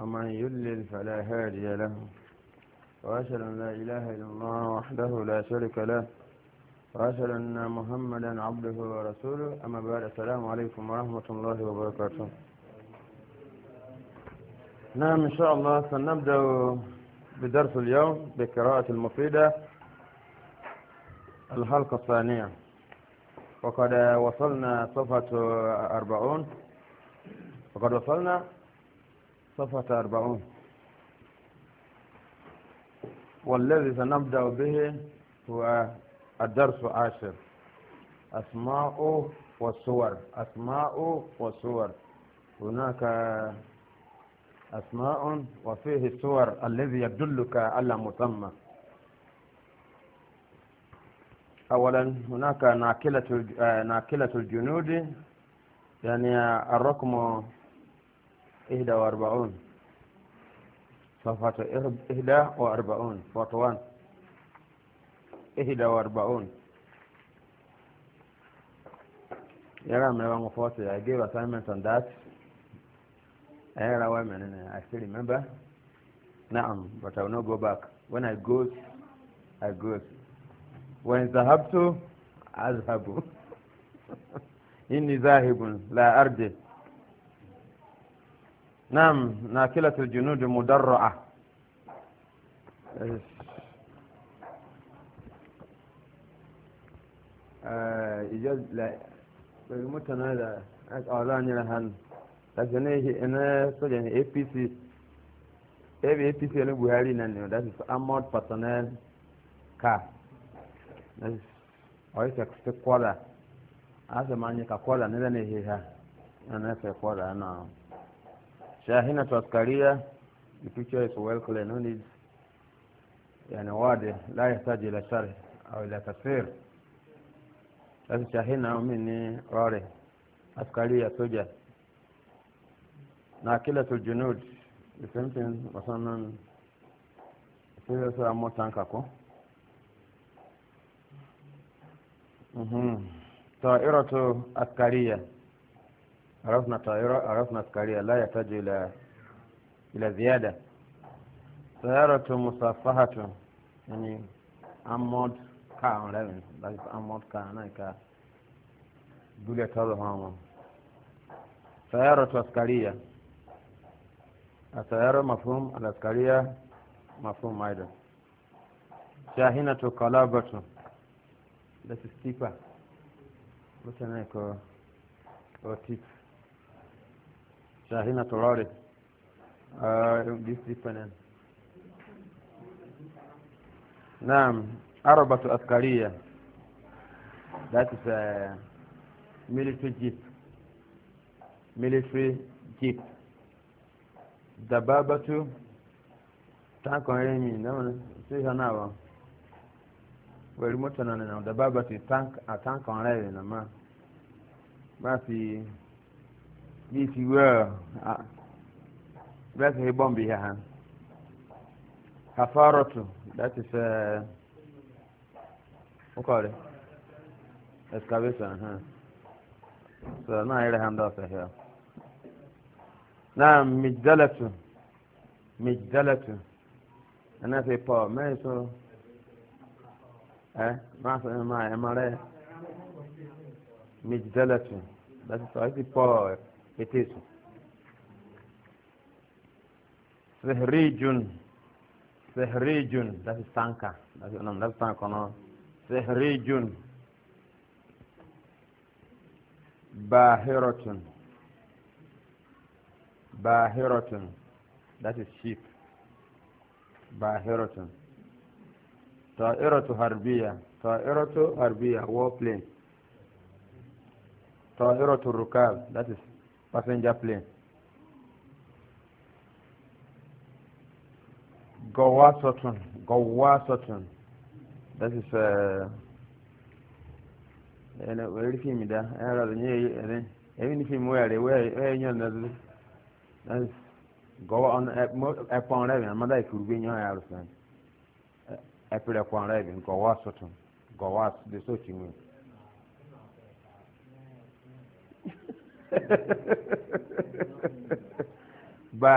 ومن يلل فلا هادي له وأشهد أن لا إله إلا الله وحده لا شريك له وأشهد أن محمدا عبده ورسوله أما بعد السلام عليكم ورحمة الله وبركاته نعم إن شاء الله سنبدأ بدرس اليوم بقراءة المفيدة الحلقة الثانية وقد وصلنا صفحة أربعون وقد وصلنا صفحة أربعون والذي سنبدأ به هو الدرس عاشر أسماء والصور أسماء والصور هناك أسماء وفيه صور الذي يدلك على مسمى أولا هناك ناكلة ناكلة الجنود يعني الرقم إهدى وأربعون صفحة إهدى وأربعون فوطوان إهدى وأربعون yara mai one forty i gave assignment on that i still remember na'am but i will not go back when i go i go when zahabtu azhabu inni zahibun la ardi نعم ناكلة الجنود مدرعة إجاز لا بالمتن هذا أعلان لهن لكن إيه أنا سجن إيه بي سي إيه بي بي سي لبوهاري نانيو that is armored personnel كا that is أوي سكسي كوالا أسمعني كوالا نذن إيه ها أنا كولا نعم Shahina Tuaskaria, the picture is well clear, yani wade la yahtaji ila sharh au ila tafsir. Sasa Shahina mimi ni wale askaria soja na kila tujunud the same thing masanan sio sasa motanka ko mhm tairatu askaria عرفنا طائرة عرفنا سكرية لا يحتاج إلى إلى زيادة سيارة مصفحة يعني أمود كان لبن لكن أمود كان هناك دولة تظهر سيارة عسكرية السيارة مفهوم العسكرية مفهوم أيضا شاحنة قلابة That is cheaper. What can I call? Or cheaper. شاهينة تراري this dependent نعم Arabatu Askariya. that is a military jeep military jeep dababatu tanko yenyi namana si hanawa wẹ̀rí much náà The dababatu tank enemy. No man. máa fi if you were ah. that's a bomb here kafaratu that is uh what It's it excavation huh so now I hand off here now mijdalatu mijdalatu and that's a power man so eh that's my mare mijdalatu that is a power it is Sihrijun. Sihrijun. That is Tanka. That's, no, that's Sanka. no. Sihrijun. Bahiratun. Bahiratun. That is sheep. Bahiratun. Ta'iratu Harbiya. Ta'iratu Harbiya. Warplane. Ta'iratu Rukab. That is passenger plane. Gowa Sutton, Gowa Sutton. That is uh, ene weli fimi da ene ra nye ene even if we are we we nyo na du that is go on living. Uh, I'm not ikuru gbe nyo ya rusan I kwa ra bi living. wa sutton go wa the so chimu ba